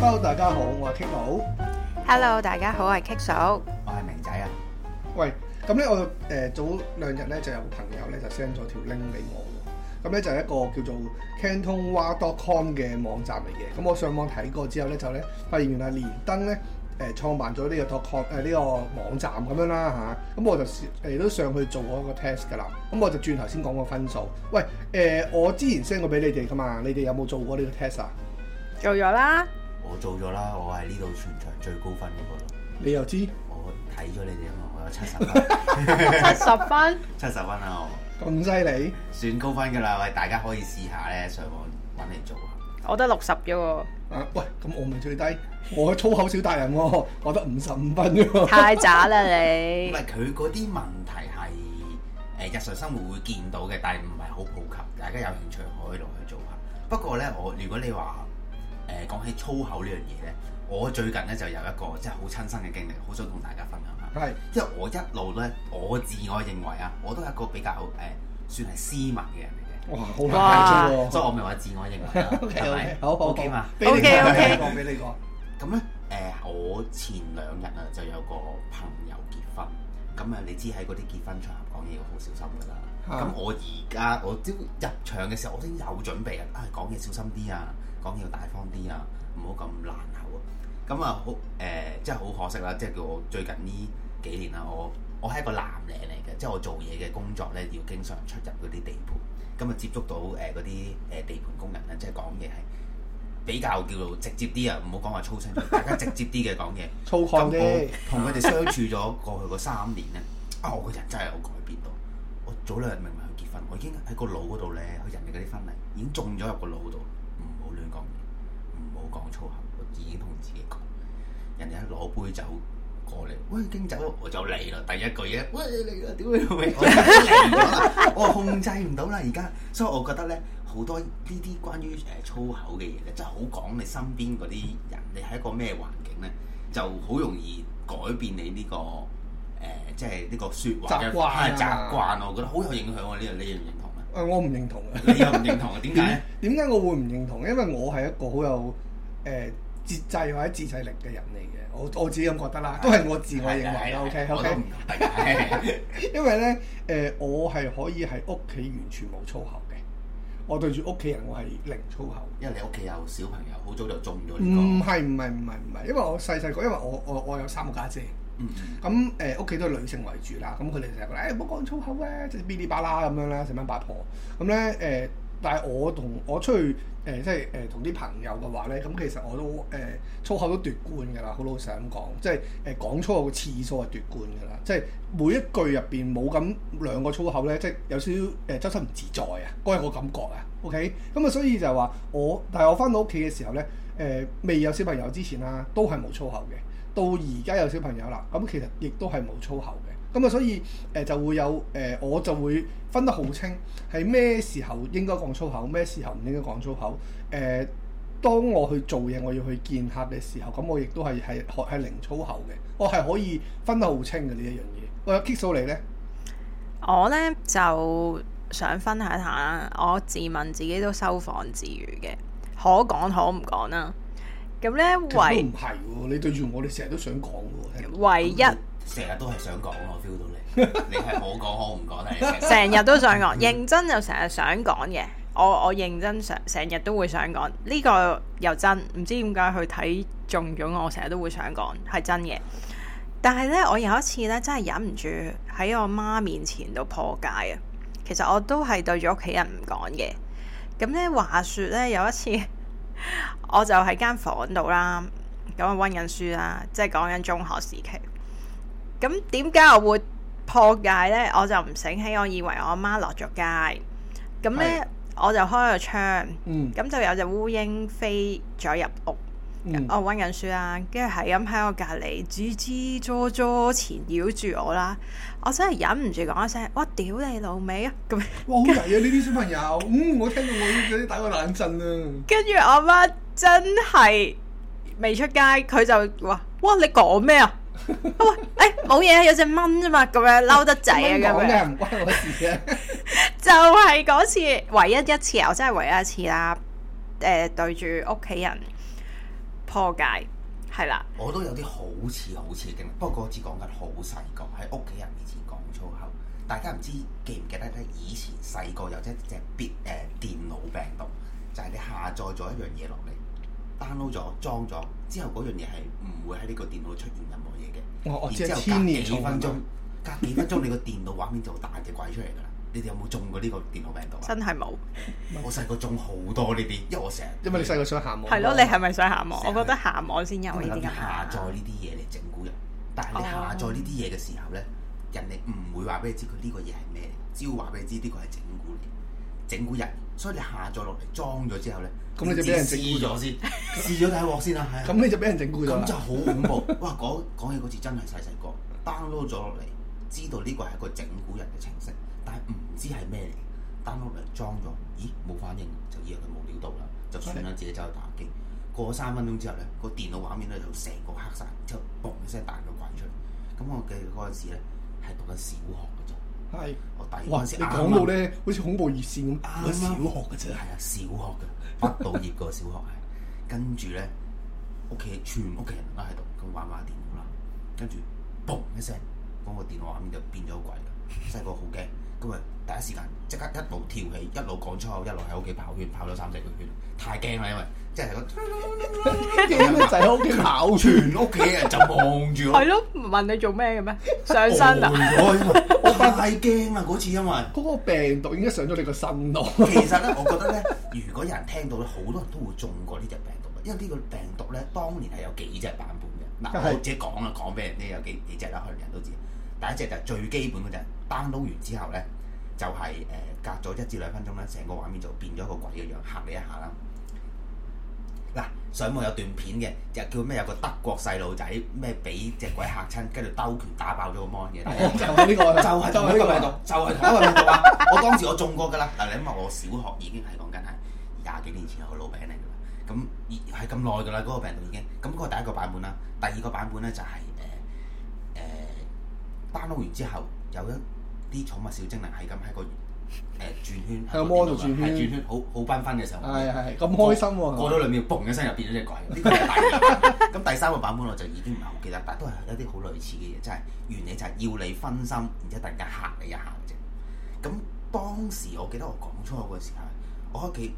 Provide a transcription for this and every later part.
hello，, hello 大家好，Kiko。我係 Kiko。hello，大家好，我係 Kiko。我係明仔啊。喂，咁咧，我、呃、誒早兩日咧就有個朋友咧就 send 咗條 link 俾我，咁咧就係一個叫做 cantonwa.com d 嘅網站嚟嘅。咁我上網睇過之後咧，就咧發現原來連登咧誒、呃、創辦咗呢、呢個 t o p c 誒呢個網站咁樣啦吓。咁、啊、我就誒、呃、都上去做過一個 test 噶啦。咁我就轉頭先講個分數。喂，誒、呃、我之前 send 過俾你哋噶嘛？你哋有冇做過呢個 test 啊？做咗啦。我做咗啦，我喺呢度全場最高分嗰個咯。你又知？我睇咗你哋啊嘛，我有七十分。七十 分？七十分啊我。咁犀利？算高分噶啦，喂，大家可以試下咧，上網搵你做。我得六十啫喎。啊，喂，咁我咪最低。我粗口小大人喎，啊，我得五十五分啫喎。太渣啦你！唔係， 佢嗰啲問題係誒日常生活會見到嘅，但係唔係好普及。大家有興趣可以落去做下。不過咧，我如果你話。誒講起粗口呢樣嘢咧，我最近咧就有一個即係好親身嘅經歷，好想同大家分享下。係，因為我一路咧，我自我認為啊，我都係一個比較誒算係斯文嘅人嚟嘅。哇！所以我咪話自我認為啦，係咪？OK 嘛？OK OK。我講俾你講。咁咧誒，我前兩日啊就有個朋友結婚，咁啊你知喺嗰啲結婚場合講嘢要好小心噶啦。咁我而家我朝入場嘅時候，我都有準備啊，講嘢小心啲啊。講要大方啲啊，唔好咁爛口。啊。咁、呃、啊，好誒，即係好可惜啦。即係叫我最近呢幾年啊，我我係一個男嘅嚟嘅，即、就、係、是、我做嘢嘅工作咧，要經常出入嗰啲地盤，咁啊接觸到誒嗰啲誒地盤工人咧，即係講嘢係比較叫做直接啲啊，唔好講話粗聲。大家 直接啲嘅講嘢， 粗獷啲的。同佢哋相處咗過去嗰三年咧，啊、哦，我個人真係有改變到。我早兩日明明去結婚，我已經喺個腦嗰度咧，去人哋嗰啲婚禮已經中咗入個腦度。講粗口，我自己同自己講。人哋一攞杯酒過嚟，喂，敬酒，我就嚟啦。第一句嘢，喂嚟啦，屌你老味，嚟咗我， 我控制唔到啦。而家，所以我覺得咧，好多呢啲關於誒粗口嘅嘢咧，真係好講你身邊嗰啲人，你喺一個咩環境咧，就好容易改變你呢、這個誒、呃，即係呢個說話嘅習慣。習慣我覺得好有影響啊！呢樣你認唔認同啊？誒、呃，我唔認同啊！你又唔認同啊？點解咧？點解 我會唔認同？因為我係一個好有。誒節制或者自制力嘅人嚟嘅，我我自己咁覺得啦，都係我自我認為啦。O K，o k 唔同。Okay, okay? 因為咧，誒、呃，我係可以喺屋企完全冇粗口嘅，我對住屋企人我係零粗口。因為你屋企有小朋友，好早就中咗呢個。唔係唔係唔係唔係，因為我細細個，因為我我我有三個家姐，咁誒屋企都係女性為主啦，咁佢哋成日講，誒唔好講粗口啊，即係嗶哩啪啦咁樣啦，成班八婆，咁咧誒。呃呃但係我同我出去誒、呃，即係誒同啲朋友嘅話咧，咁其實我都誒、呃、粗口都奪冠㗎啦，好老實咁講，即係誒、呃、講粗口次數係奪冠㗎啦，即係每一句入邊冇咁兩個粗口咧，即係有少少誒周身唔自在啊，嗰一個感覺啊，OK？咁啊，所以就話我，但係我翻到屋企嘅時候咧，誒、呃、未有小朋友之前啊，都係冇粗口嘅，到而家有小朋友啦，咁其實亦都係冇粗口。咁啊、嗯，所以誒、呃、就會有誒、呃，我就會分得好清，係咩時候應該講粗口，咩時候唔應該講粗口。誒、呃，當我去做嘢，我要去見客嘅時候，咁我亦都係係學係零粗口嘅，我係可以分得好清嘅呢一樣嘢。我有棘素你呢，我呢就想分享下，我自問自己都收放自如嘅，可講可唔講啦。咁呢，唯都唔係喎，你對住我，你成日都想講喎，唯一。成日都係想講，我 feel 到你，你係我講我唔講你，成日都想講， 認真又成日想講嘅。我我認真想，成日都會想講呢個又真，唔知點解去睇中咗我，成日都會想講，係真嘅。但係呢，我有一次呢，真係忍唔住喺我媽面前度破戒啊！其實我都係對住屋企人唔講嘅。咁呢話説呢，有一次 我就喺間房度啦，咁啊，温緊書啦，即係講緊中學時期。咁點解我會破戒呢？我就唔醒起，我以為我阿媽落咗街。咁呢，的我就開個窗，咁、嗯、就有隻烏蠅飛咗入屋。嗯、我温緊書啦，跟住係咁喺我隔離，吱吱喳喳纏繞住我啦。我真係忍唔住講一聲：我屌你老味啊！咁， 哇好曳啊！呢啲小朋友，嗯，我聽到我嗰啲打個冷震啊！跟住 我媽真係未出街，佢就話：哇，你講咩啊？喂、 哎，誒，冇嘢，有隻蚊啫嘛，咁樣嬲得滯啊，咁樣。唔關我事啊。 就係嗰次，唯一一次啊，我真係唯一一次啦。誒、呃，對住屋企人破戒，係啦。我都有啲好似好似嘅經歷，不過我只講緊好細個喺屋企人面前講粗口。大家唔知記唔記得咧？以前細個有隻只必誒、呃、電腦病毒，就係、是、你下載咗一樣嘢落嚟。download 咗裝咗之後，嗰樣嘢係唔會喺呢個電腦出現任何嘢嘅。哦哦，即係千年。分鐘，隔幾分鐘你個電腦畫面就大隻鬼出嚟㗎啦！你哋有冇中過呢個電腦病毒啊？真係冇。我細個中好多呢啲，因為我成日。因為你細個想下網。係咯，你係咪想下網？我覺得下網先有呢啲嘅鹹。下載呢啲嘢嚟整蠱人，但係你下載呢啲嘢嘅時候咧，人哋唔會話俾你知佢呢個嘢係咩，只要話俾你知呢個係整。整蠱人，所以你下載落嚟裝咗之後咧，咁你就俾人整蠱咗先試， 試咗大鑊先啦，啊，係、啊。咁你就俾人整蠱咗啦。咁真係好恐怖， 哇！講講起嗰次真係細細個，download 咗落嚟，知道呢個係個整蠱人嘅程式，但係唔知係咩嚟。download 嚟裝咗，咦冇反應，就以為佢冇料到啦，就算啦，自己走去打機。的過咗三分鐘之後咧，個電腦畫面咧就成個黑晒，之後嘣一聲彈個鬼出嚟。咁我記嗰陣時咧係讀緊小學。係，我第是哇你講到咧，吧好似恐怖熱線咁，嗰吧小學噶啫，係啊，小學噶，畢到業個小學係， 跟住咧，屋企全屋企人都喺度咁玩玩電腦啦，跟住，嘣一聲，嗰、那個電腦畫面就變咗鬼，細個好驚。 咁啊！第一時間即刻一路跳起，一路講粗口，一路喺屋企跑圈，跑咗三四個圈，太驚啦！因為即係個仔喺屋企跑，全屋企人就望住我。係咯？問你做咩嘅咩？上身啊！我太驚啦嗰次，因為嗰 個病毒已經上咗你個身度。其實咧，我覺得咧， 如果有人聽到咧，好多人都會中過呢隻病毒嘅，因為呢個病毒咧，當年係有幾隻版本嘅。嗱、啊， 我自己講啦，講俾人聽有幾幾隻啦，可能人都知。第一隻就最基本嗰隻。download 完之後咧，就係、是、誒隔咗一至兩分鐘咧，成個畫面就變咗個鬼嘅樣，嚇你一下啦。嗱，上網有段片嘅，就叫咩有個德國細路仔咩俾隻鬼嚇親，跟住兜拳打爆咗個 mon 嘅。就係、是、呢個， 就係呢個， 個病毒，就係、是、呢個病毒啊！ 我當時我中過噶啦。嗱，因為我小學已經係講緊係廿幾年前有個老餅嚟嘅啦。咁係咁耐噶啦，嗰、那個病毒已經。咁、那、佢、個、第一個版本啦，第二個版本咧就係誒誒 download 完之後有一。啲寵物小精靈係咁喺個誒轉圈喺個魔度，轉圈邊邊，係轉,轉圈，好好繽紛嘅時候，係係咁開心、啊。過咗兩秒，嘣一聲又變咗隻鬼。呢咁第, 第三個版本我就已經唔係好記得，但都係有啲好類似嘅嘢，就係、是、原理就係要你分心，然之後突然間嚇你一下啫。咁當時我記得我講粗口嘅時候，我屋企，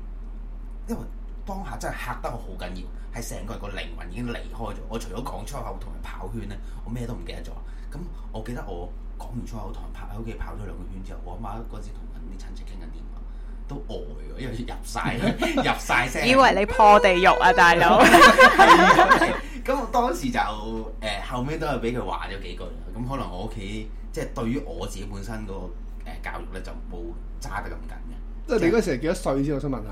因為當下真係嚇得我好緊要，係成個人個靈魂已經離開咗。我除咗講粗口，同人跑圈咧，我咩都唔記得咗。咁我記得我。講完粗口，校同人跑喺屋企跑咗兩個圈之後，我阿媽嗰時同緊啲親戚傾緊電話，都呆嘅，因為入晒，入晒聲。 以為你破地獄啊，大佬！咁 我當時就誒、呃、後尾都係俾佢話咗幾句。咁可能我屋企即係對於我自己本身個誒、呃、教育咧，就冇揸得咁緊嘅。即係你嗰時幾多歲先？我想問下。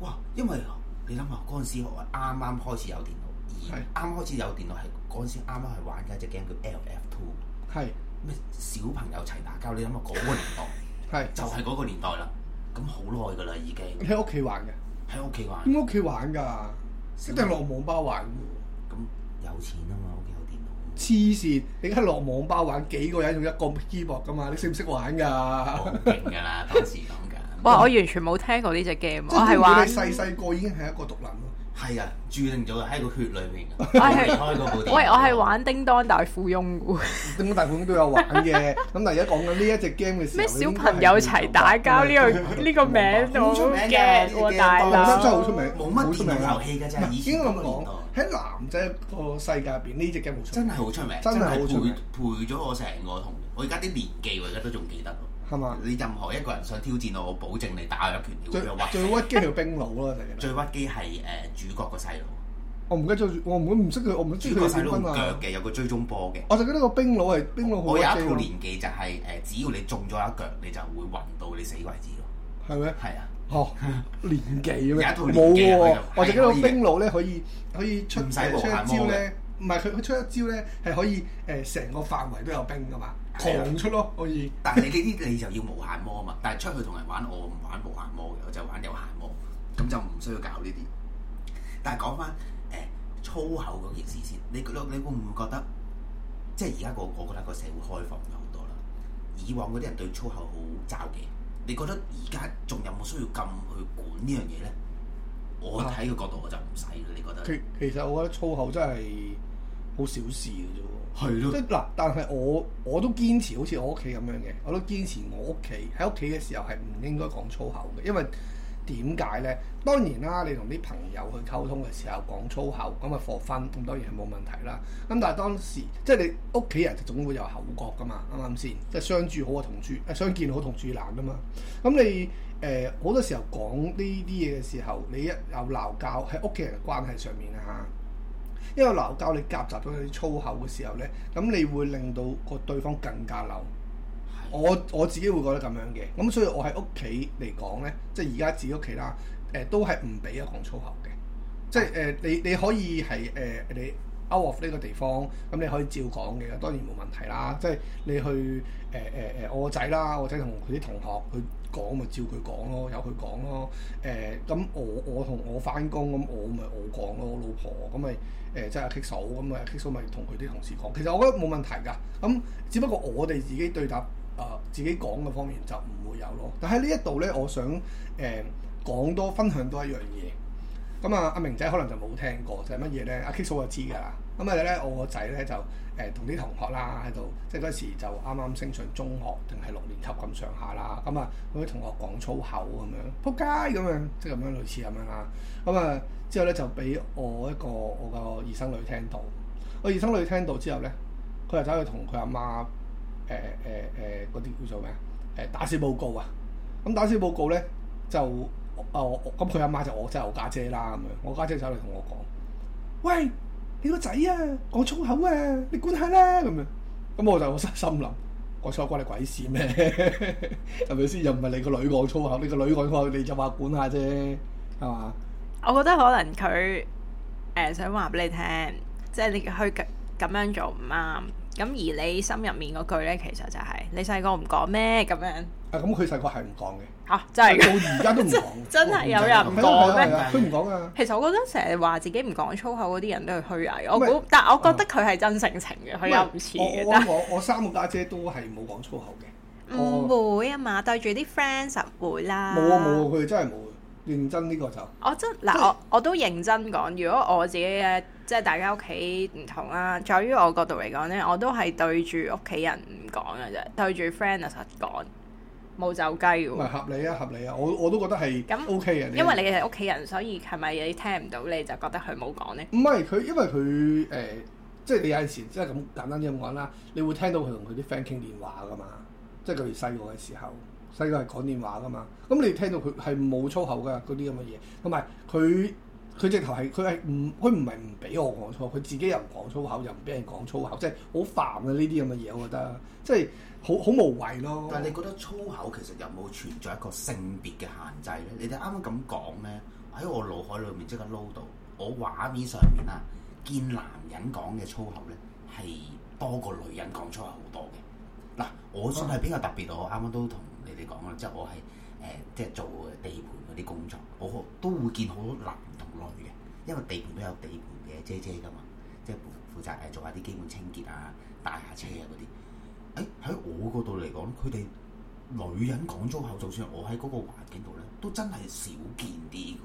哇！因為你諗下嗰陣時，我啱啱開始有電腦，而啱啱開始有電腦係嗰陣時啱啱係玩緊一隻 game 叫 L.F. Two 的。係的。咩小朋友齊打交？你諗下嗰個年代，係 就係嗰個年代啦。咁好耐噶啦，已經喺屋企玩嘅，喺屋企玩。喺屋企玩噶，識得落網吧玩。咁、嗯、有錢啊嘛，屋企有電腦，啊。黐線，你而家落網吧玩幾個人用一個 keyboard 噶嘛？你識唔識玩㗎？好勁㗎啦，當時咁㗎。哇！我完全冇聽過呢隻 game。我係話細細個已經係一個獨立。係啊，注定咗喺個血裏面啊！我係喂，我係玩叮當大富翁噶。叮當大富翁都有玩嘅，咁但係而家講緊呢一隻 game 嘅，咩小朋友齊打交，呢個呢個名都驚嘅？大佬真係好出名，冇乜出名遊戲㗎啫。已經我喺男仔個世界入邊，呢隻 game 真係好出名，真係好出名，陪咗我成個童年，我而家啲年紀我而家都仲記得。你任何一個人想挑戰我，我保證你打我一拳，你又屈。最屈機就冰佬咯，最屈機係誒主角個細佬。我唔記得我唔我唔識佢，我唔會追佢細佬冰腳嘅，有個追蹤波嘅。我就記得個冰佬係冰佬。好，我有一套連技就係誒，只要你中咗一腳，你就會暈到你死為止咯。係咩？係啊。哦，連技有一套冇喎。我就記得個冰佬咧可以可以出一招咧，唔係佢佢出一招咧係可以誒成個範圍都有冰㗎嘛。狂出咯可以， 但係你呢啲你就要無限魔啊嘛！但係出去同人玩，我唔玩無限魔嘅，我就玩有限魔。咁就唔需要搞呢啲。但係講翻誒粗口嗰件事先，你覺得，你會唔會覺得，即係而家個我覺得個社會開放咗好多啦。以往嗰啲人對粗口好睺忌，你覺得而家仲有冇需要咁去管呢樣嘢咧？我睇嘅角度我就唔使，啊、你覺得？其其實我覺得粗口真係。好小事嘅啫喎，係咯，即係嗱，但係我我都堅持好似我屋企咁樣嘅，我都堅持我屋企喺屋企嘅時候係唔應該講粗口嘅，因為點解咧？當然啦，你同啲朋友去溝通嘅時候講粗口，咁啊 for fun 咁當然係冇問題啦。咁、嗯、但係當時即係你屋企人就總會有口角噶嘛，啱唔啱先？即係相處好啊，同住啊相見好同住難噶嘛。咁、嗯、你誒好、呃、多時候講呢啲嘢嘅時候，你一有鬧交，喺屋企人嘅關係上面啊嚇。因為鬧交你夾雜咗佢啲粗口嘅時候咧，咁你會令到個對方更加嬲。我我自己會覺得咁樣嘅，咁所以我喺屋企嚟講咧，即係而家自己屋企啦，誒、呃、都係唔俾講粗口嘅。即係誒、呃，你你可以係誒、呃、你 out of 呢個地方，咁你可以照講嘅，當然冇問題啦。即係你去誒誒誒我仔啦，我仔同佢啲同學去講咪照佢講咯，由佢講咯。誒、呃、咁我我同我返工咁我咪我講咯，我老婆咁咪。誒即係阿 Kiko 咁啊，Kiko 咪同佢啲同事講，其實我覺得冇問題㗎。咁、嗯、只不過我哋自己對答啊、呃，自己講嘅方面就唔會有咯。但喺呢一度咧，我想誒講、呃、多分享多一樣嘢。咁、嗯、啊，阿明仔可能就冇聽過，就係乜嘢咧？阿 Kiko 就知㗎啦。咁、嗯、啊，咧、嗯、我個仔咧就。誒同啲同學啦、啊，喺度即係嗰時就啱啱升上中學定係六年級咁上下啦，咁啊啲同學講粗口咁、啊、樣，撲街咁樣，即係咁樣類似咁樣啦、啊。咁、嗯、啊之後咧就俾我一個我個姨甥女聽到，我姨甥女聽到之後咧，佢就走去同佢阿媽誒誒誒嗰啲叫做咩啊？誒、呃、打小報告啊！咁、嗯、打小報告咧就啊咁佢阿媽就我即係、就是、我家姐啦咁、嗯、樣，我家姐走嚟同我講，喂！你個仔啊，講粗口啊，你管下啦咁樣。咁、嗯、我就心我關心心諗，講粗口關你鬼事咩？係咪先？又唔係你個女講粗口，你個女講話，你就話管下啫，係嘛？我覺得可能佢誒、呃、想話俾你聽，即係你去咁樣做唔啱。咁而你心入面嗰句咧，其實就係你細個唔講咩咁樣。啊，咁佢細個係唔講嘅。嗯嚇、啊！真係到而家都唔講， 真係的有人講咩？都唔講嘅。其實我覺得成日話自己唔講粗口嗰啲人都係虛偽。麼我估，但我覺得佢係真性情嘅，佢麼又唔似我但我我，我三個家姐，姐都係冇講粗口嘅。唔會啊嘛，我對住啲 friend 實會啦。冇啊冇，佢真係冇認真呢個就。我真嗱，我我都認真講。如果我自己嘅即係大家屋企唔同啦、啊，在於我角度嚟講咧，我都係對住屋企人唔講嘅啫，對住 friend 實講。冇走雞喎，合理啊，合理啊，我我都覺得係 OK 嘅。嗯、你因為你係屋企人，所以係咪你聽唔到你就覺得佢冇講呢？唔係佢，因為佢誒，即、呃、係、就是、你有陣時即係咁簡單咁講啦，你會聽到佢同佢啲 friend 傾電話噶嘛，即係佢細個嘅時候，細個係講電話噶嘛，咁你聽到佢係冇粗口嘅嗰啲咁嘅嘢，唔係佢。佢直頭係佢係唔佢唔係唔俾我講粗口，佢自己又唔講粗口又唔俾人講粗口，即係好煩啊！呢啲咁嘅嘢，我覺得即係好好無謂咯。但係你覺得粗口其實有冇存在一個性別嘅限制咧？你哋啱啱咁講咧，喺我腦海裏面即刻撈到我畫面上面啊，見男人講嘅粗口咧係多過女人講粗口好多嘅。嗱，我算係比較特別，啊、我啱啱都同你哋講啦，即係我係誒、呃、即係做地盤嗰啲工作，我都會見好多男人。內嘅，因為地盤都有地盤嘅姐姐㗎嘛，即係負責誒做下啲基本清潔啊、打下車啊嗰啲。誒、欸、喺我嗰度嚟講，佢哋女人講粗口，就算我喺嗰個環境度咧，都真係少見啲嘅。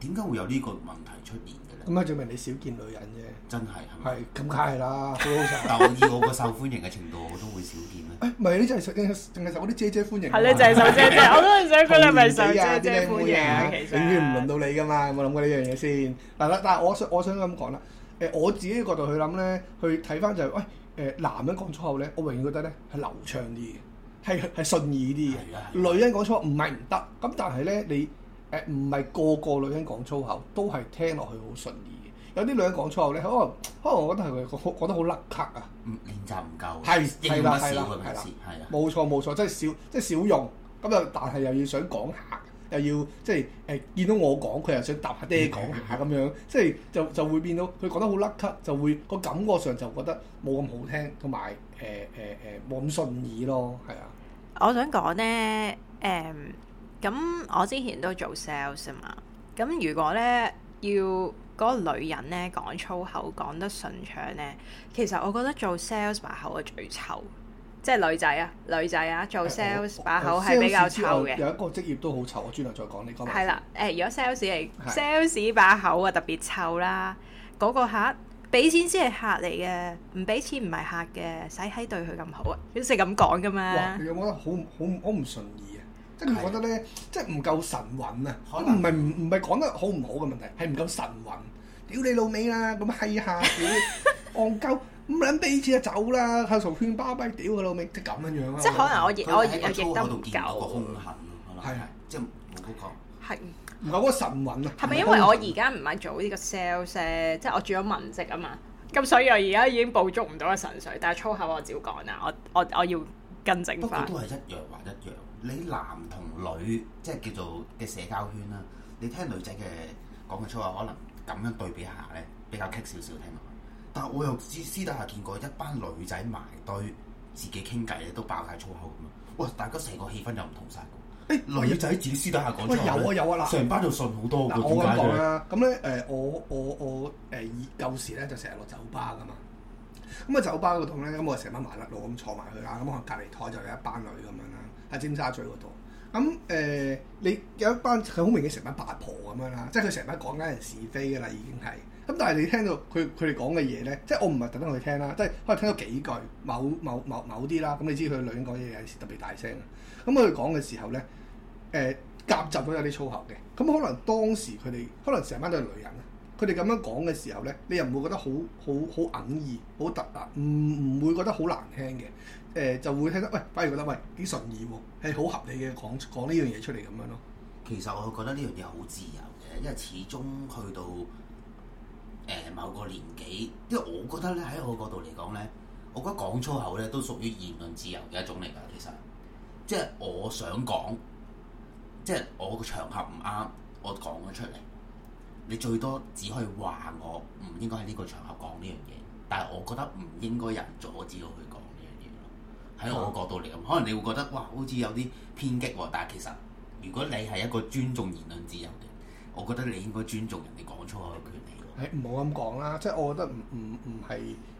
點解會有呢個問題出現？咁啊，證明你少見女人啫，真係係咁梗係啦，佢 好想。但我以我個受歡迎嘅程度，我都會少見咧。誒、 哎，唔係你真係受，誒，淨係受嗰啲姐姐歡迎。係你就係受，受姐姐。我都係想佢哋咪受姐姐歡迎，永遠唔輪到你㗎嘛，有冇諗過呢樣嘢先？嗱，但係我想，我想咁講啦。誒，我自己角度去諗咧，去睇翻就係、是，喂，誒，男人講粗口咧，我永遠覺得咧係流暢啲嘅，係係順意啲嘅。女人講粗口唔係唔得，咁但係咧你。誒，唔係個個女人講粗口都係聽落去好順耳嘅。有啲女人講粗口咧，可能可能我覺得係佢講講得好甩咳啊，唔練習唔夠，係係啦係啦，係啦的，冇錯冇錯，即係少即係少用，咁又但係又要想講下，又要即係誒、欸、見到我講，佢又想搭下爹講下咁樣， 即係就就會變到佢講得好甩咳，就會個感覺上就覺得冇咁好聽，同埋誒誒誒冇咁順耳咯，係啊，我想講咧誒。嗯咁我之前都做 sales 啊嘛，咁如果咧要嗰女人咧講粗口講得順暢咧，其實我覺得做 sales 把口啊最臭，即係女仔啊，女仔啊做 sales 把口係比較臭嘅。哎啊、有一個職業都好臭，我專登再講你講。係啦，誒、哎、如果 sales 嚟，sales 的把口啊特別臭啦。嗰、那個客俾錢先係客嚟嘅，唔俾錢唔係客嘅，使閪對佢咁好啊？好似咁講噶嘛。哇！你覺得好好好唔順。即係佢覺得咧，即係唔夠神韻啊！可能唔係唔唔係講得好唔好嘅問題，係唔夠神韻。屌你老味啦！咁閪下屌，戇鳩咁撚卑次就走啦！黑熊圈巴閉，屌佢老味，即係咁樣樣啊！即係可能我我我亦都唔夠。係係，即係冇嗰個。係唔夠嗰神韻啊？係咪因為我而家唔係做呢個 sales，即係我轉咗文職啊嘛？咁所以我而家已經捕捉唔到嘅神水，但係粗口我照講啊！我我我要更正返。不過都係一樣還一樣。你男同女即係叫做嘅社交圈啦、啊。你聽女仔嘅講嘅粗口，可能咁樣對比下咧比較棘少少聽。但係我又私私底下見過一班女仔埋堆自己傾偈都爆晒粗口咁啊！哇，大家成個氣氛又唔同晒。誒、欸，女仔自己私底下講，有啊有啊，嗱，成班就順好多喂我咁講啦，咁咧誒，我我我誒，舊時咧就成日落酒吧㗎嘛。咁啊，酒吧嗰度咧咁，我成班麻甩佬咁坐埋去啊。咁可能隔離台就有一班女咁樣。喺尖沙咀嗰度，咁、嗯、誒、呃、你有一班佢好明顯成班八婆咁樣啦，即係佢成班講緊人是非嘅啦，已經係。咁、嗯、但係你聽到佢佢哋講嘅嘢咧，即係我唔係特登去聽啦，即係可能聽到幾句某某某某啲啦，咁、嗯、你知佢女人講嘢有時特別大聲。咁佢講嘅時候咧，誒、呃、夾雜咗有啲粗口嘅。咁、嗯、可能當時佢哋可能成班都係女人啦，佢哋咁樣講嘅時候咧，你又唔會覺得好好好哽耳，好突兀，唔唔會覺得好難聽嘅。誒就會聽得喂，反而覺得喂，係幾順耳喎，係好合理嘅講講呢樣嘢出嚟咁樣咯。其實我覺得呢樣嘢好自由嘅，因為始終去到誒、欸、某個年紀，因為我覺得咧喺我角度嚟講咧，我覺得講粗口咧都屬於言論自由嘅一種嚟㗎。其實即係我想講，即係我個場合唔啱，我講咗出嚟，你最多只可以話我唔應該喺呢個場合講呢樣嘢，但係我覺得唔應該有人阻止我去講。喺我角度嚟講，可能你會覺得哇，好似有啲偏激喎。但係其實，如果你係一個尊重言論自由嘅，我覺得你應該尊重人哋講粗口嘅權利。唔好咁講啦，即係我覺得唔唔唔係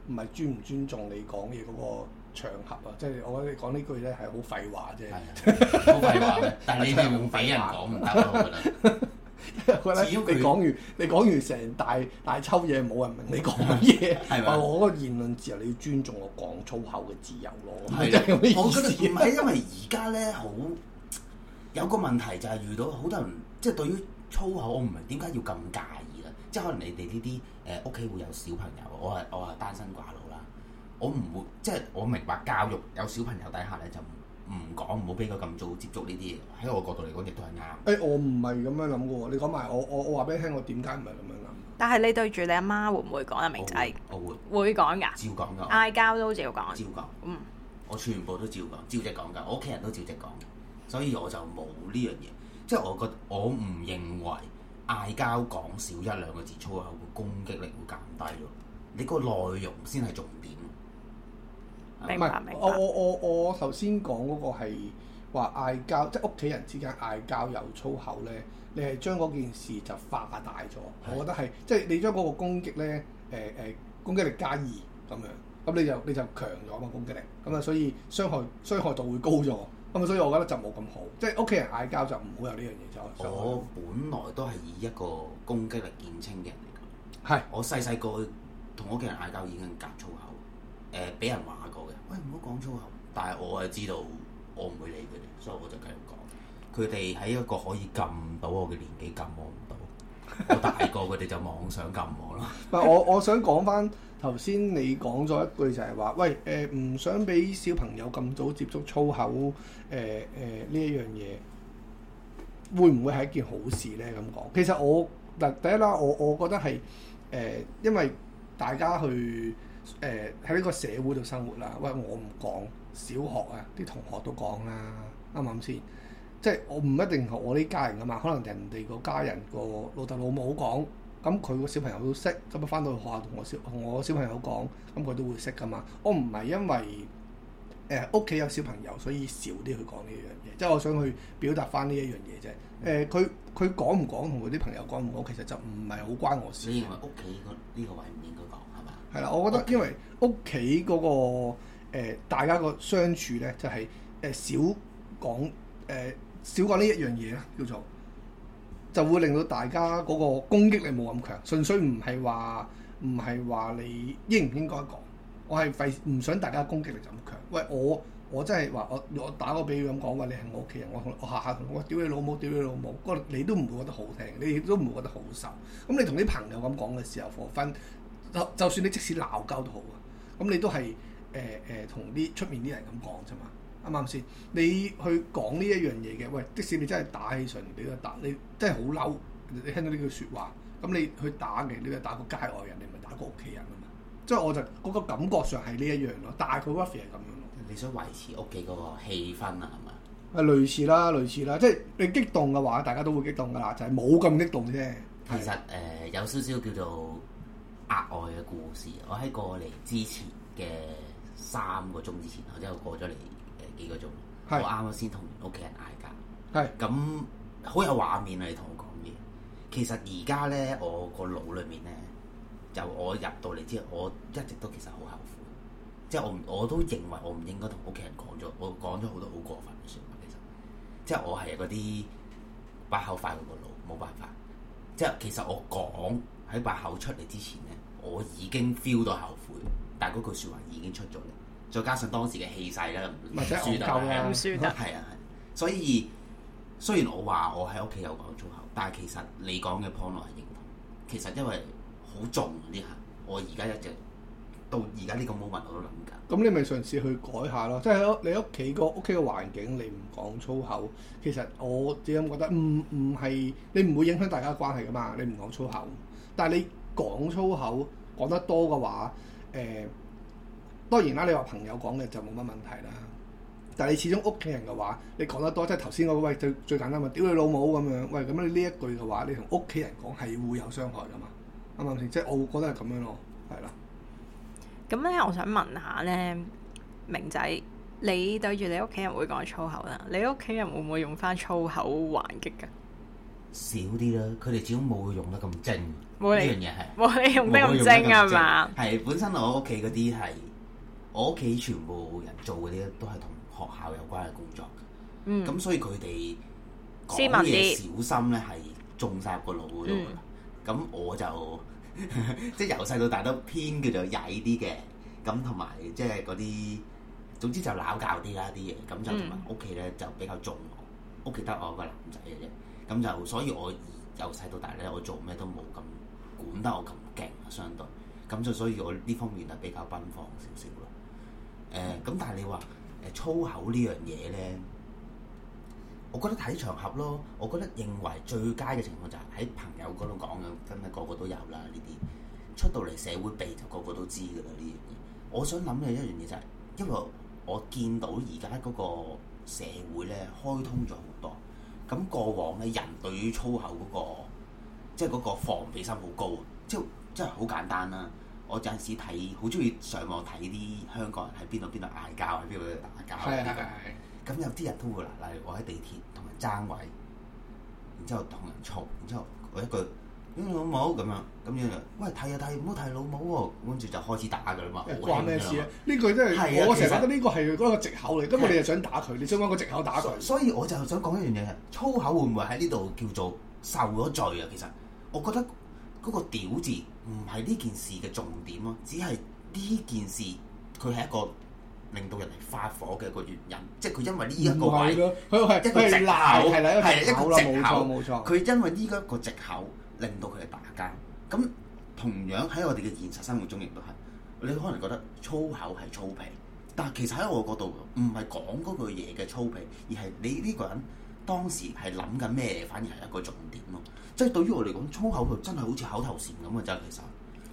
唔係尊唔尊重你講嘢嗰個場合啊！嗯、即係我覺得你講呢句咧係好廢話啫，好、啊、廢話 但係你哋唔俾人講唔得咯，我覺得。 因為 他 你講完，你講完成大大抽嘢，冇人明你講乜嘢。係嘛，我個言論自由，你要尊重我講粗口嘅自由咯。係 我覺得唔係，因為而家咧好有個問題就係遇到好多人，即係對於粗口，我唔明點解要咁介意啦。即係可能你哋呢啲誒，屋企會有小朋友，我係我係單身寡佬啦，我唔會即係我明白教育有小朋友底下咧就。唔講唔好俾佢咁早接觸呢啲嘢，喺我角度嚟講亦都係啱。誒，我唔係咁樣諗嘅喎，你講埋我我我話俾你聽，我點解唔係咁樣諗？但係你對住你阿媽會唔會講啊明仔？我會，會講㗎。照講㗎。嗌交都照講。照講。嗯，我全部都照講，照直講㗎。我屋企人都照直講嘅，所以我就冇呢樣嘢。即係我覺得我唔認為嗌交講少一兩個字粗口，個攻擊力會減低咯。你個內容先係重點。唔係，我我我我頭先講嗰個係話嗌交，即係屋企人之間嗌交有粗口咧，你係將嗰件事就化大咗。係我覺得係，即係你將嗰個攻擊咧，誒誒，攻擊力加二咁樣，咁你就你就強咗嘛攻擊力，咁啊所以傷害傷害度會高咗，係咪？所以我覺得就冇咁好，即係屋企人嗌交就唔好有呢樣嘢。就我本來都係以一個攻擊力見稱嘅人嚟㗎，係啊，我細細個同屋企人嗌交已經夾粗口，誒俾人話。呃喂，唔好講粗口，但係我係知道我唔會理佢哋，所以我就繼續講。佢哋喺一個可以撳到我嘅年紀撳我唔到，我大個佢哋就妄想撳我咯。唔 我我想講翻頭先你講咗一句就係話，喂誒唔、呃、想俾小朋友咁早接觸粗口誒誒呢一樣嘢，會唔會係一件好事咧？咁講其實我嗱第一啦，我我覺得係誒、呃，因為大家去。誒喺呢個社會度生活啦，喂，我唔講，小學啊啲同學都講啦，啱唔啱先？即係我唔一定係我啲家人噶嘛，可能人哋個家人個老豆老母講，咁佢個小朋友都識，咁啊翻到去學校同我小同我小朋友講，咁、嗯、佢都會識噶嘛。我唔係因為誒屋企有小朋友所以少啲去講呢樣嘢，即係我想去表達翻呢一樣嘢啫。誒、呃，佢佢講唔講同佢啲朋友講唔講，我其實就唔係好關我事。所以屋企個呢、這個位。面。.係啦，我覺得因為屋企嗰個、呃、大家個相處咧，就係誒少講誒少講呢一樣嘢啦，叫做就會令到大家嗰個攻擊力冇咁強。純粹唔係話唔係話你應唔應該講，我係費唔想大家攻擊力咁強。喂，我我真係話我我打個比喻咁講話，你係我屋企人，我我下下同我屌你老母，屌你老母，嗰你都唔會覺得好聽，你亦都唔會覺得好受。咁你同啲朋友咁講嘅時候，課分。就算你即使鬧交都好啊，咁你都係誒誒同啲出面啲人咁講啫嘛，啱唔啱先？你去講呢一樣嘢嘅，喂，即使你真係打起上嚟，你都打，你真係好嬲，你聽到呢句説話，咁你去打嘅，你又打個街外人，你唔係打個屋企人啊嘛？即係我就嗰個感覺上係呢一樣咯，但係個 ruffie 係咁樣咯。你想維持屋企嗰個氣氛啊？係咪？係類似啦，類似啦，即係你激動嘅話，大家都會激動噶啦，就係冇咁激動啫。其實誒是、呃，有少少叫做。額外嘅故事，我喺過嚟之前嘅三個鐘之前，或者我過咗嚟誒幾個鐘，是我啱啱先同屋企人嗌交，咁好是有畫面、啊、你同我講嘢。其實而家咧，我個腦裏面咧，就我入到嚟之後，我一直都其實好後悔，即係我我都認為我唔應該同屋企人講咗，我講咗好多好過分嘅説話。其實，即係我係嗰啲把口快嗰個腦，冇辦法。即係其實我講喺把口出嚟之前咧。我已經 feel 到後悔，但係嗰句說話已經出咗嚟。再加上當時嘅氣勢咧，輸大啦，係、OK、啊，係。所以雖然我，我話我喺屋企有講粗口，但係其實你講嘅 point 係認同。其實因為好重呢、啊、下，我而家一直到而家呢個 moment 我都諗緊。咁、嗯、你咪嘗試去改下咯，即係你屋企個屋企嘅環境，你唔講粗口。其實我只咁覺得，唔唔係你唔會影響大家關係噶嘛？你唔講粗口，但係你講粗口。講得多嘅話，誒、欸、當然啦！你話朋友講嘅就冇乜問題啦，但係你始終屋企人嘅話，你講得多即係頭先嗰個喂，最最簡單啊，屌你老母咁樣，喂，咁你呢一句嘅話，你同屋企人講係會有傷害㗎嘛？啱唔啱先？即係我覺得係咁樣咯，係啦。咁咧，我想問下咧明仔，你對住你屋企人會講粗口啦？你屋企人會唔會用返粗口還擊㗎？少啲啦，佢哋始終冇用得咁精，冇呢樣嘢係冇用得咁精啊嘛，係本身我屋企嗰啲係我屋企全部人做嗰啲都係同學校有關嘅工作，嗯，咁所以佢哋講嘢小心咧係中晒個腦嗰度，咁我就即係由細到大都偏叫做曳啲嘅，咁同埋即係嗰啲，總之就鬧教啲啦啲嘢，咁就同埋屋企咧就比較重，屋企得我個男仔嘅啫。咁就所以，我由細到大咧，我做咩都冇咁管得我咁勁啊，相對。咁就，所以我呢方面啊比較奔放少少咯。誒、呃，咁但係你話誒、呃、粗口呢樣嘢咧，我覺得睇場合咯。我覺得認為最佳嘅情況就係喺朋友嗰度講嘅，真係個個都有啦呢啲。出到嚟社會咪就個個都知㗎啦呢樣嘢。我想諗嘅一樣嘢就係、是，因為我見到而家嗰個社會咧，開通咗好多。咁過往咧，人對於粗口嗰個，即係嗰個防備心好高啊！即係即係，好簡單啦。我有陣時睇，好中意上網睇啲香港人喺邊度邊度嗌交，喺邊度度打交嗰啲。係啊係啊係啊，咁有啲人都會嚟，例如我喺地鐵同人爭位，然之後同人嘈，然之後我一句。嗯、老母咁樣，咁樣，喂，睇啊睇，唔好睇老母喎、哦。跟住就開始打佢啦嘛，關咩事啊？呢、呢個真係，啊、我成日覺得呢個係嗰個藉口嚟，咁我哋又想打佢，啊、你想揾個藉口打佢。所以我就想講一樣嘢，粗口會唔會喺呢度叫做受咗罪啊？其實，我覺得嗰個屌字唔係呢件事嘅重點咯、啊，只係呢件事佢係一個令到人哋發火嘅一個原因，即係佢因為呢一個佢係一,一個藉口，係一個冇錯冇錯。佢因為呢一個藉口。令到佢哋打交，咁同樣喺我哋嘅現實生活中，亦都係你可能覺得粗口係粗鄙，但係其實喺我角度唔係講嗰句嘢嘅粗鄙，而係你呢個人當時係諗緊咩，反而係一個重點咯。即係對於我嚟講，粗口佢真係好似口頭禪咁嘅啫。其實，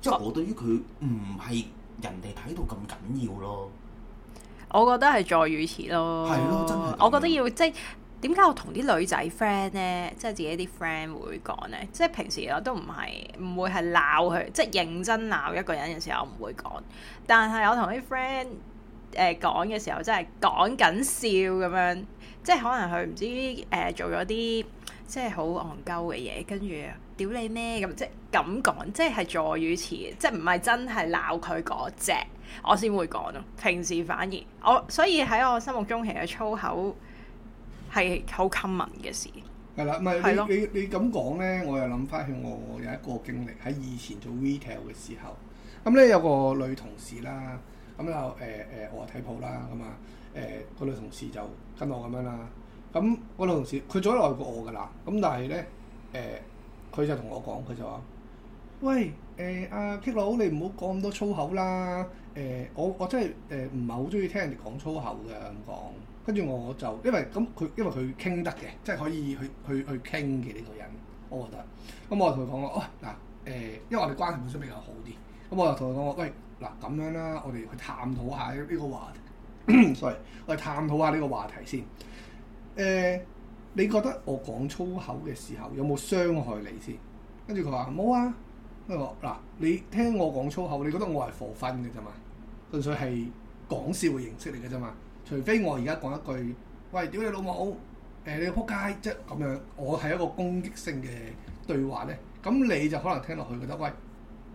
即係我對於佢唔係人哋睇到咁緊要咯。我覺得係在於此咯，係咯，真係。我覺得要即點解我同啲女仔 friend 咧，即係自己啲 friend 會講咧？即係平時我都唔係唔會係鬧佢，即係認真鬧一個人嘅時候，我唔會講。但係我同啲 friend 誒講嘅時候，真係講緊笑咁樣，即係可能佢唔知誒、呃、做咗啲即係好戇鳩嘅嘢，跟住屌你咩咁，即係咁講，即係係助語詞，即係唔係真係鬧佢嗰隻，我先會講咯。平時反而我，所以喺我心目中其實粗口。係好 common 嘅事。係啦，唔 係你你你咁講咧，我又諗翻起我有一個經歷喺以前做 retail 嘅時候。咁咧有個女同事啦，咁就誒誒我話睇鋪啦，咁啊誒個女同事就跟我咁樣啦。咁、嗯、個女同事佢早啲來過我噶、欸欸啊、啦，咁但係咧誒佢就同我講，佢就話，喂誒阿 K 佬，你唔好講咁多粗口啦。誒我我真係誒唔係好中意聽人哋講粗口嘅咁講。跟住我就，因為咁佢因為佢傾得嘅，即係可以去去去傾嘅呢個人，我覺得。咁我同佢講話，哦、哎、嗱，誒、呃，因為我哋關係本身比較好啲，咁我同佢講話，喂、哎，嗱咁樣啦，我哋去探討下呢個話題，所以 我哋探討下呢個話題先。誒、呃，你覺得我講粗口嘅時候有冇傷害你先？跟住佢話冇啊。跟住我，嗱，你聽我講粗口，你覺得我係火滾嘅啫嘛？純粹係講笑嘅形式嚟嘅啫嘛。除非我而家講一句，喂，屌你老母，誒、欸、你撲街即咁樣，我係一個攻擊性嘅對話咧，咁你就可能聽落去覺得，喂，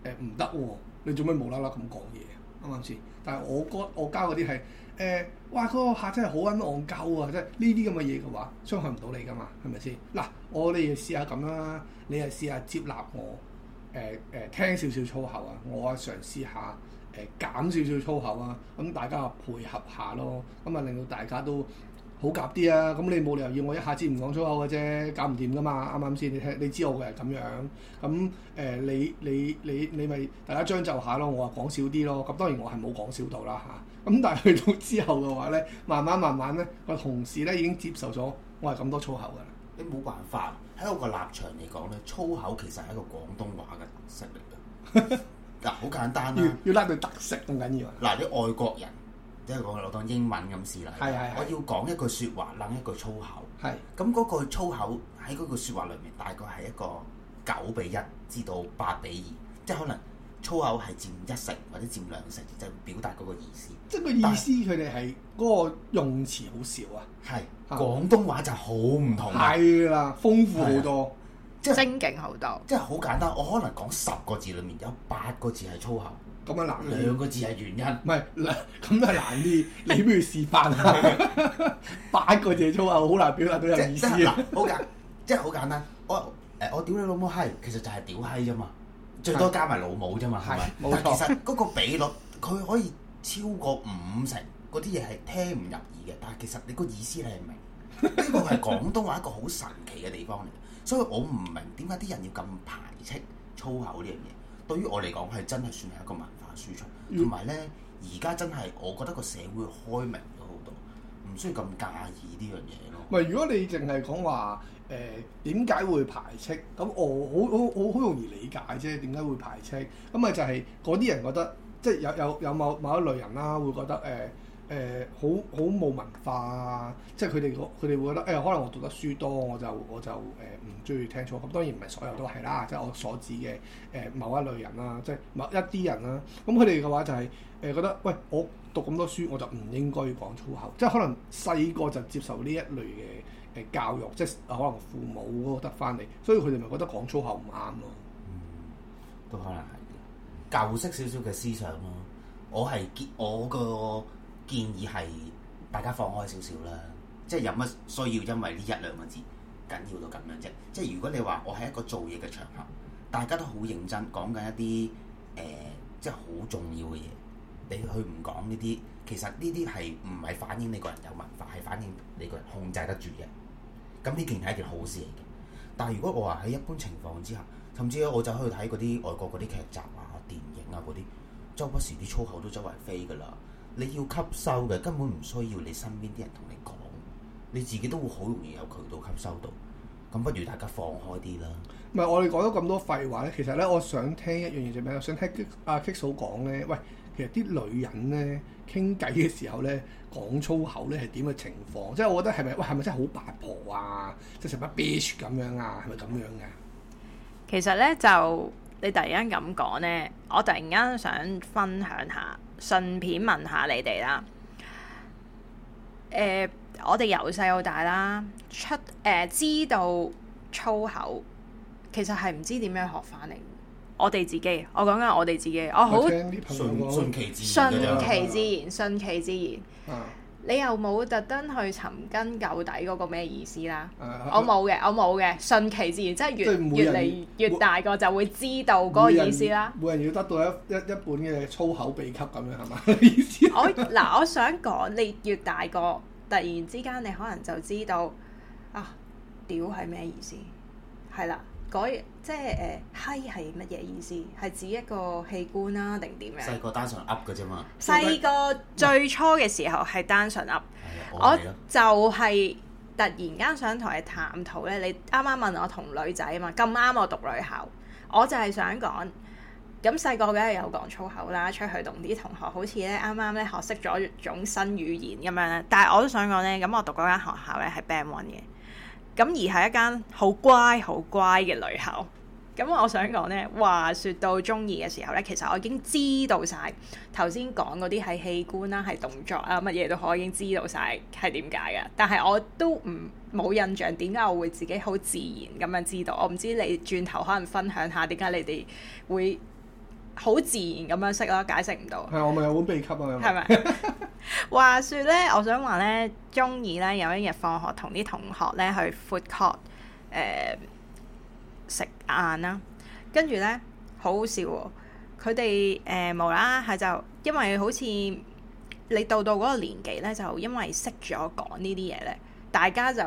誒唔得喎，你做咩無啦啦咁講嘢，啱啱先？但係我我交嗰啲係，誒、欸，哇、嗰個客真係好撚戇鳩啊，即係呢啲咁嘅嘢嘅話，傷害唔到你噶嘛，係咪先？嗱，我哋試下咁啦，你誒試下接納我，誒誒聽少少粗口啊，我嘗試下。誒減少少粗口啊，咁大家配合下咯，咁啊令到大家都好夾啲啊，咁你冇理由要我一下子唔講粗口嘅啫，搞唔掂噶嘛，啱啱先？你你知我嘅係咁樣，咁誒你你你你咪大家將就下咯，我話講少啲咯，咁當然我係冇講少到啦嚇，咁但係去到之後嘅話咧，慢慢慢慢咧，個同事咧已經接受咗我係咁多粗口嘅啦。你冇辦法，喺我個立場嚟講咧，粗口其實係一個廣東話嘅特色嚟㗎。嗱，好、啊、簡單、啊、要要拉佢特色咁緊要、啊。嗱、啊，啲外國人即係講我當英文咁試啦。係係。我要講一句説話，濫一句粗口。係的。咁嗰個粗口喺嗰句説話裏面，大概係一個九比一至到八比二，即係可能粗口係佔一成或者佔兩成，就係、表達嗰個意思。即係個意思，佢哋係嗰個用詞好少啊。係。廣東話就好唔同、啊。係啦，豐富好多。精勁好多，即係好簡單。我可能講十個字，裡面有八個字係粗口，咁啊難。兩個字係原因，唔係兩，咁啊難啲。你不如示範下，八個字粗口，好難表達到有意思啊。好簡，即係好簡單。我誒，我屌你老母閪，其實就係屌閪啫嘛，最多加埋老母啫嘛，係咪？冇錯。其實嗰個比率，佢可以超過五成，嗰啲嘢係聽唔入耳嘅，但係其實你個意思你係唔明。呢個係廣東話一個好神奇嘅地方嚟。所以我唔明點解啲人要咁排斥粗口呢樣嘢。對於我嚟講係真係算係一個文化輸出，同埋咧而家真係我覺得個社會開明咗好多，唔需要咁介意呢樣嘢咯。唔係如果你淨係講話誒點解會排斥咁，我好好好容易理解啫。點解會排斥咁咪就係嗰啲人覺得即係、就是、有有有某某一類人啦、啊，會覺得誒。呃誒好好冇文化、啊，即係佢哋佢哋會覺得誒、欸，可能我讀得書多，我就我就誒唔中意聽粗口。咁當然唔係所有都係啦，即係我所指嘅誒、呃、某一類人啦、啊，即係某一啲人啦、啊。咁佢哋嘅話就係、是、誒、呃、覺得，喂，我讀咁多書，我就唔應該要講粗口。即係可能細個就接受呢一類嘅誒教育，即係可能父母嗰得翻嚟，所以佢哋咪覺得講粗口唔啱咯。嗯，都可能係舊式少少嘅思想咯、啊。我係結我個建議係大家放開少少啦，即係有乜需要，因為呢一兩個字緊要到咁樣啫。即係如果你話我係一個做嘢嘅場合，大家都好認真講緊一啲誒、呃，即係好重要嘅嘢，你去唔講呢啲，其實呢啲係唔係反映你個人有文化，係反映你個人控制得住嘅。咁呢件係一件好事嚟嘅。但係如果我話喺一般情況之下，甚至我走去睇嗰啲外國嗰啲劇集啊、電影啊嗰啲，周不時啲粗口都周圍飛㗎啦。你要吸收嘅根本唔需要你身邊啲人同你講，你自己都會好容易有渠道吸收到，咁不如大家放開啲啦。唔係我哋講咗咁多廢話咧，其實咧，我想聽一樣嘢就係咩？我想聽阿 Kiko 講咧。喂，其實啲女人咧傾偈嘅時候咧講粗口咧係點嘅情況？即係我覺得係咪？喂，係咪真係好八婆啊？即係成班 Bitch 咁樣啊？係咪咁樣嘅？其實咧就。你突然間咁講呢，我突然間想分享下，順便問下你哋啦。呃、我哋由細到大啦，出誒、呃、知道粗口，其實係唔知點樣學返嚟。我哋自己，我講緊我哋自己，我好順其自然，順其自然，順其自然。你又冇特登去尋根究底嗰個咩意思啦、啊？我冇嘅，我冇嘅，順其自然，即係越即越嚟越大個就會知道嗰個意思啦。每人要得到一一一本嘅粗口秘笈咁樣係嘛意思？ 我嗱，我想講你越大個，突然之間你可能就知道啊，屌係咩意思？係啦，嗰、嗰個。即係誒，閪、哎係乜嘢意思？係指一個器官啊，定點樣？細個單純噏嘅啫嘛。細個最初嘅時候係單純噏、哎，我，我就係突然間想同你探討呢。你啱啱問我同女仔啊嘛，咁啱我讀女校，我就係想講。咁細個梗係有講粗口啦，出去同啲同學好似呢啱啱呢學識咗種新語言咁樣咧。但係我都想講呢，咁我讀嗰間學校呢，係 Band One 嘅。咁而係一間好乖好乖嘅女校，咁我想講呢，話説到中二嘅時候呢，其實我已經知道晒。頭先講嗰啲係器官啦、啊，係動作啊，乜嘢都可以已經知道晒，係點解嘅，但係我都唔冇印象點解我會自己好自然咁樣知道，我唔知你轉頭可能分享下點解你哋會。好自然咁樣識咯，解釋唔到。係我咪有本秘笈啊，有。 係咪吧？ 話説咧，我想話咧，中意咧有一日放學同啲同學咧去 food court 誒、呃、食晏啦，跟住咧好好笑喎、哦，佢哋誒無啦啦，係就因為好似你到到嗰個年紀咧，就因為識咗講呢啲嘢咧，大家就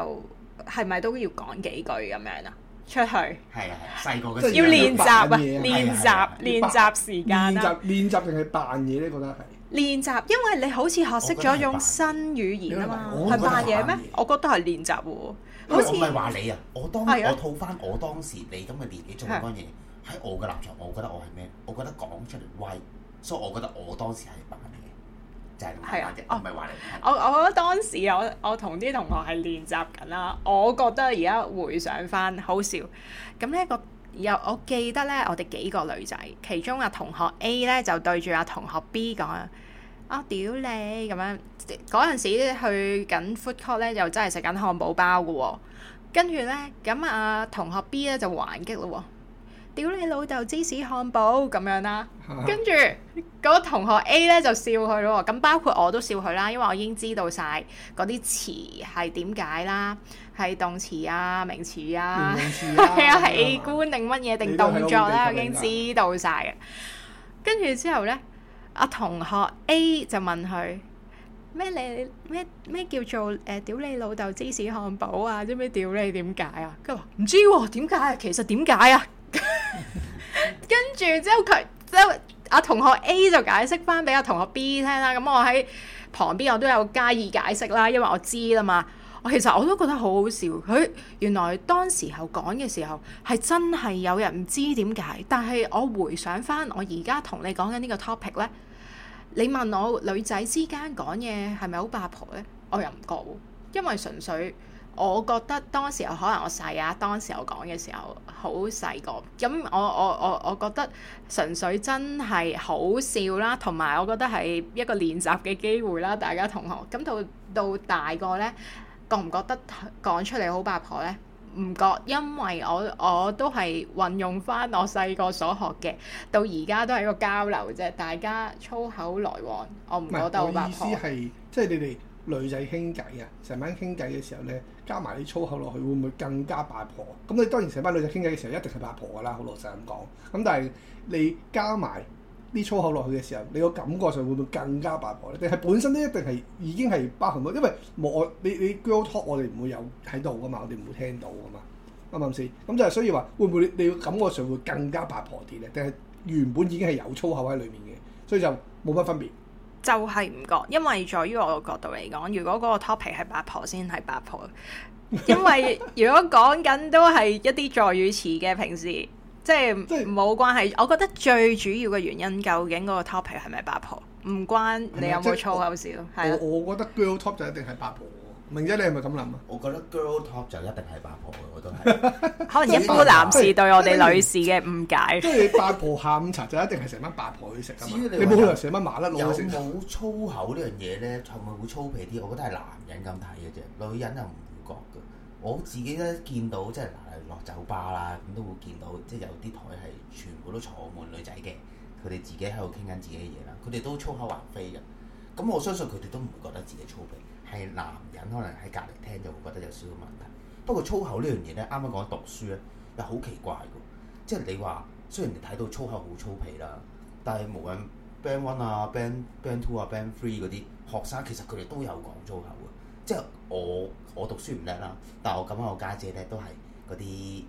係咪都要講幾句咁樣啊？出去係啦，細個嘅時候要練習啊，練習練習時間啦。練習定係扮嘢咧？覺得係練習，因為你好似學識咗一種新語言啊嘛，係扮嘢咩？我覺得係練習喎。好似，唔係話你啊，我當我套翻我當時你咁嘅年紀做嗰樣嘢，喺我嘅立場，我覺得我係咩？我覺得講出嚟威，所以我覺得我當時係扮係啊，哦，唔係話你。我我覺得當時我我同啲同學係練習緊啦。我覺得而家回想翻好笑。咁呢個又我記得呢，我哋幾個女仔其中啊同學 A 呢，就對住阿同學 B 講，啊屌你，咁樣，嗰陣時去緊 Food Court 呢，又真係食緊漢堡包噶喎。跟住呢，咁啊同學 B 呢，就還擊咯喎。屌你老豆芝士漢堡咁樣啦，啊，跟住嗰，嗰個同學 A 咧，就笑佢咯。咁包括我都笑佢啦，因為我已經知道晒嗰啲詞係點解啦，係動詞啊、名詞啊，係啊器官定乜嘢定動作啦，我，我已經知道晒嘅。跟住之後咧，阿同學 A 就問佢咩你咩咩叫做誒屌，呃、你老豆芝士漢堡啊？做咩屌你？點解啊？佢話唔知點解，啊，其實點解啊？ 跟住之後佢，之後阿同學 A 就解釋翻俾阿同學 B 聽啦。咁我喺旁邊我都有加以解釋啦，因為我知啦嘛。我其實我都覺得好好笑。佢原來當時候講嘅時候係真係有人唔知點解，但係我回想翻我而家同你講緊呢個 topic 呢，你問我女仔之間講嘢係咪好八婆呢？我又唔覺，因為純粹。我覺得當時可能我細啊，當時我講嘅時候好細個，咁、嗯、我我我我覺得純粹真係好笑啦，同埋我覺得係一個練習嘅機會啦，大家同學。咁、嗯、到到大個呢，覺唔覺得講出嚟好八婆呢？唔覺，因為我我都係運用翻我細個所學嘅，到而家都係一個交流啫，大家粗口來往，我唔覺得好八婆。唔係，我意思係即係你哋女仔傾偈啊，成班傾偈嘅時候呢，加埋啲粗口落去，會唔會更加八婆？咁你當然成班女仔傾偈嘅時候，一定係八婆㗎啦，好老實咁講。咁但係你加埋啲粗口落去嘅時候，你個感覺上會唔會更加八婆咧？定係本身都一定係已經係八婆，因為冇我你你 girl talk 我哋唔會有喺度㗎嘛，我哋唔會聽到㗎嘛，啱唔啱先？咁就係所以話，會唔會你，你感覺上會更加八婆啲咧？定係原本已經係有粗口喺裡面嘅，所以就冇乜分別。就係唔覺，因為在於我個角度嚟講，如果嗰個 topic 係八婆先係八婆，因為如果講緊都係一啲助語詞嘅，平時即係冇關係。以我覺得最主要嘅原因究竟嗰個 topic 係咪八婆，唔關你有冇粗口少。就係、我、啊、我，我覺得 girl top 就一定係八婆。明姐，你係咪咁諗啊？我覺得 girl top 就一定係八婆嘅，我覺得係。可能一般男士對我哋女士嘅誤解。即係八婆下午茶就一定係成班八婆去食。至於你冇理由成班麻甩佬。有冇粗口呢樣嘢咧？係咪會粗鄙啲？我覺得係男人咁睇嘅啫，女人又唔覺嘅。我自己咧見到即係落酒吧啦，咁都會見到，即係有啲台係全部都坐滿女仔嘅，佢哋自己喺度傾緊自己嘅嘢啦，佢哋都粗口橫飛嘅。咁我相信佢哋都唔會覺得自己粗鄙。係男人可能喺隔籬聽就會覺得有少少問題。不過粗口呢樣嘢咧，啱啱講讀書咧又好奇怪㗎，即係你話雖然你睇到粗口好粗鄙啦，但係無論 Band One 啊、Band Band Two 啊、Band Three 嗰啲學生，其實佢哋都有講粗口㗎。即係我我讀書唔叻啦，但係我咁啱我家姐咧都係嗰啲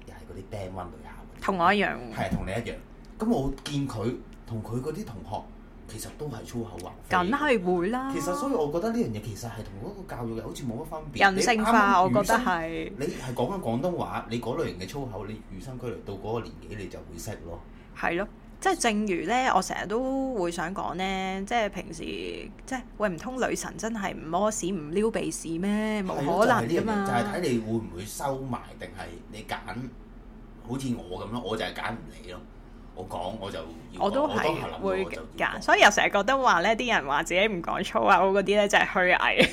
又係嗰啲 Band One 女校。同我一樣喎。係同你一樣。咁我見佢同佢嗰啲同學。其實都係粗口啊！梗係會啦。其實，所以我覺得呢樣嘢其實係同嗰個教育又好似冇乜分別。人性化，剛剛我覺得係。你係講緊廣東話，你嗰類型嘅粗口，你與生俱來到嗰個年紀，你就會識咯。係咯，即係正如呢，我成日都會想講呢，即係平時，即係喂唔通女神真係唔屙屎唔撩鼻屎咩？冇可能㗎嘛！就係睇你會唔會收埋，定係你揀？好似我咁咯，我就係揀唔理咯。我講我就，我都係會㗎，所以又成日覺得話咧，啲人話自己唔講粗口嗰啲咧，真係虛偽。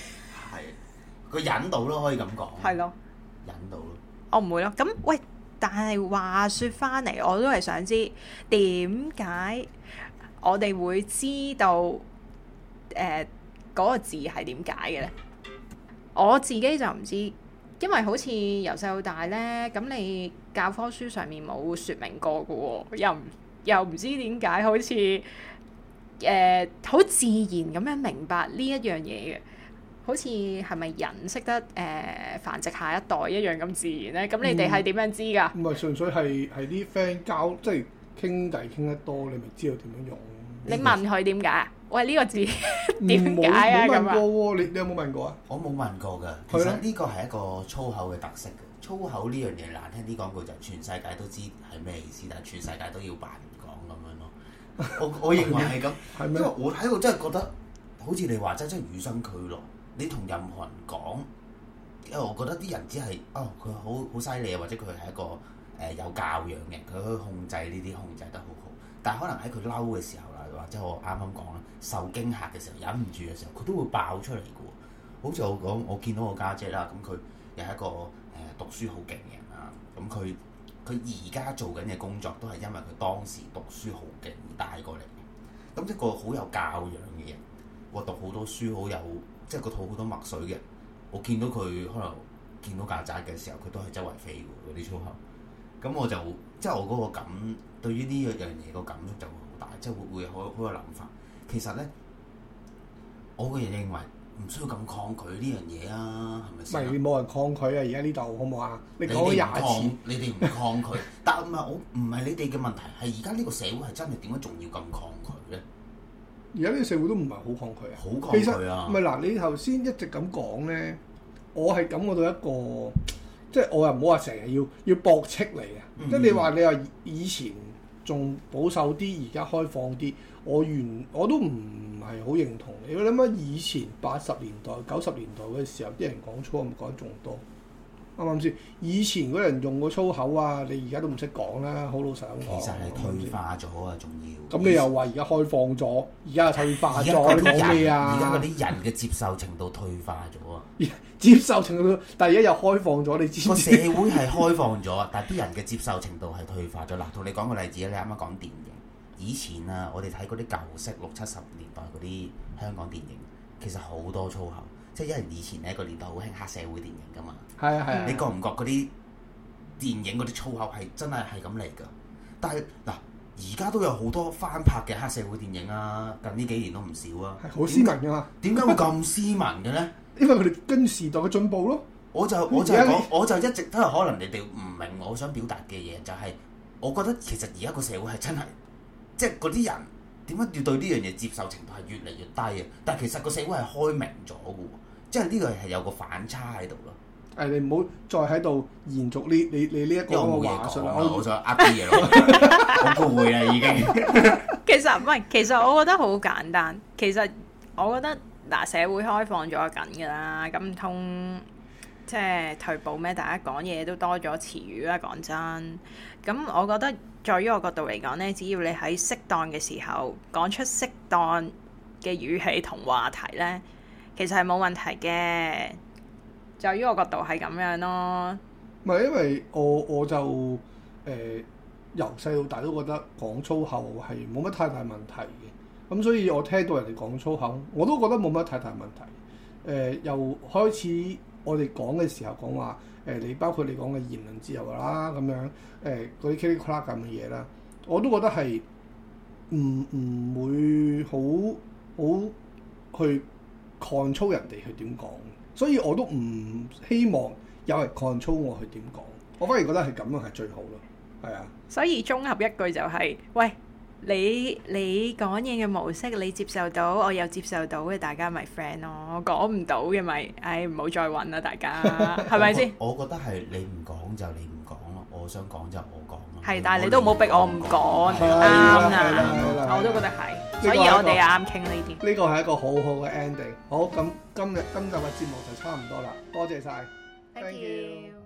係，佢忍到咯，可以咁講。係咯，忍到咯。我唔會咯，咁喂，但係話説翻嚟，我都係想知點解我哋會知道誒，呃，嗰個字係點解嘅咧？我自己就唔知。因為好似由細到大咧，咁你教科書上面冇説明過㗎喎、哦，又唔又唔知點解好似誒好自然咁樣明白呢一樣嘢嘅，好似係咪人識得誒、呃、繁殖下一代一樣咁自然咧？咁你哋係點樣知噶？唔係、嗯嗯、純粹係係啲 friend 交即係傾偈傾得多，你咪知道點樣用？你問佢點解？喂，呢、這個字點解啊？你有冇問過啊？我冇問過噶，的其實呢個係一個粗口嘅特色嘅。粗口呢樣嘢難聽啲講句就全世界都知係咩意思，但係全世界都要扮講咁樣咯。我我認為係咁， 的因為我喺度真係覺得好似你話齋，真係與生俱來。你同任何人講，因為我覺得啲人只係哦，佢好好犀利啊，或者佢係一個誒、呃、有教養嘅，佢可以控制呢啲控制得好好。但係可能喺佢嬲嘅時候。即係我啱啱講啦，受驚嚇嘅時候，忍唔住嘅時候，佢都會爆出嚟嘅喎。好似我講，我見到我家姐啦，咁佢有一個誒讀書好勁嘅人啊。咁佢佢而家做緊嘅工作，都係因為佢當時讀書好勁帶過嚟。咁一個好有教養嘅人，我讀好多書，好有即係個肚好多墨水嘅。我見到佢可能見到曱甴嘅時候，佢都係周圍飛嘅嗰啲粗口。咁我就即係我嗰個感，對於呢一樣嘢個感觸就。即係會會好有諗法，其實咧，我個人認為唔需要咁抗拒呢樣嘢啊，係咪先？咪冇人抗拒啊！而家呢度好唔好啊？你哋抗， 你哋唔抗拒，但唔係我唔係你哋嘅問題，係而家呢個社會係真係點解仲要咁抗拒咧？而家呢個社會都唔係好抗拒啊，好抗拒啊！唔係嗱，你頭先一直咁講咧，我係感覺到一個，即、就、係、是、我又唔好話成日要要駁斥你啊！即係、嗯、你話你話以前。仲保守啲，而家開放啲。我原我都唔係好認同。你諗下以前八十年代、九十年代嘅時候，啲人講粗口唔講得仲多。啱唔啱先？以前嗰人用個粗口啊，你而家都唔識講啦，好老實。其實係退化咗啊，仲要。咁你又話而家開放咗，而家又退化咗，你講咩啊？而家嗰啲人嘅接受程度退化咗啊！接受程度，但係而家又開放咗，你知唔知？個社會係開放咗，但係啲人嘅接受程度係退化咗。嗱，同你講個例子啊，你啱啱講電影，以前啊，我哋睇嗰啲舊式六七十年代嗰啲香港電影，其實好多粗口。即係因為以前呢個年代好興黑社會電影噶嘛、啊，係啊係，你覺唔覺嗰啲電影嗰啲粗口係真係係咁嚟噶？但係嗱，而家都有好多翻拍嘅黑社會電影啊，近呢幾年都唔少啊，係好斯文噶嘛、啊？點解會咁斯文嘅咧？因為佢哋跟時代嘅進步咯、啊。我就我就我我就一直都係，可能你哋唔明我想表達嘅嘢，就係我覺得其實而家個社會係真係，即係嗰啲人點解要對呢樣嘢接受程度係越嚟越低啊？但係其實個社會係開明咗噶。即係呢個係有個反差喺度咯。誒、哎，你唔好再喺度延續呢，你你呢一個話術啦。我唔再呃啲嘢咯， 我攰啦已經。其實唔係，其實我覺得好簡單。其實我覺得嗱、啊，社會開放咗緊㗎啦，咁唔通即係退步咩？大家講嘢都多咗詞語啦。講真，咁我覺得在於我角度嚟講咧，只要你喺適當嘅時候講出適當嘅語氣同話題咧。其實係冇問題嘅，就於我角度係咁樣咯。唔係因為我我就誒、呃、由細到大都覺得講粗口係冇乜太大問題嘅，咁、嗯、所以我聽到人哋講粗口我都覺得冇乜太大問題。誒、呃、又開始我哋講嘅時候講話誒，你、嗯呃、包括你講嘅言論自由啦，咁樣誒嗰啲 clicky clicky 咁嘅嘢啦，我都覺得係唔唔會好好去 control 人哋去點講，所以我都唔希望有人 control 我去點講，我反而覺得係咁樣係最好咯，係啊。所以綜合一句就係，喂，你你講嘢嘅模式你接受到，我又接受到嘅大家咪 friend 咯，我講唔到嘅咪，唉唔好再揾啦，大家係咪先？我覺得係你唔講就你唔講咯，我想講就唔好講。係，但係你都唔好逼我唔講，啱啦了，樣我都覺得係，所以我哋又啱傾呢啲。呢個係一個好好嘅 ending。好，咁今日今日嘅節目就差唔多啦，多謝晒，thank you。